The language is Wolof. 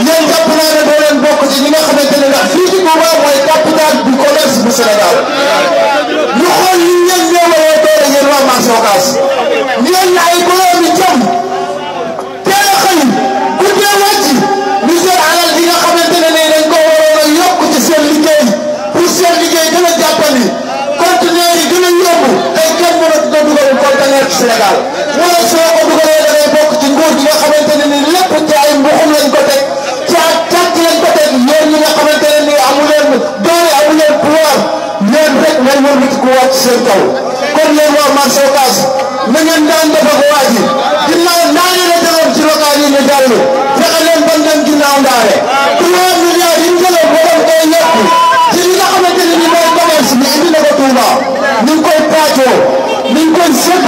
yéen jàpp naa ne doo leen bokk ci ñi ne ndax fii ci Touba mooy capital du commerce bu Sénégal ñu xool li ngeen néewalee doole yéen waa marché Ocass ngeen ne ay borom yu jëm teel a xëy guddee wàcc ñu seen alal bi nga xamante ne ne dañ ko waroon a yokk ci seen liggéey pour seen liggéey gën a jàppandi conteneur yi gën a yóbbu tey kenn mën a dugal conteneur ci Sénégal. day wëlbati ku wàcc seen kaw kon yéen waa marché Ocass na ngeen daan def a waa ji ginnaaw ndaare la a ci local yi ñu jàll fexe leen ban dem ginnaaw ndaare trois milliards yi ñu jëloon ba doon koy yëpp ci li nga xamante ni mooy commerce bi indi na ko Touba ni koy paajoo ni koy sëkk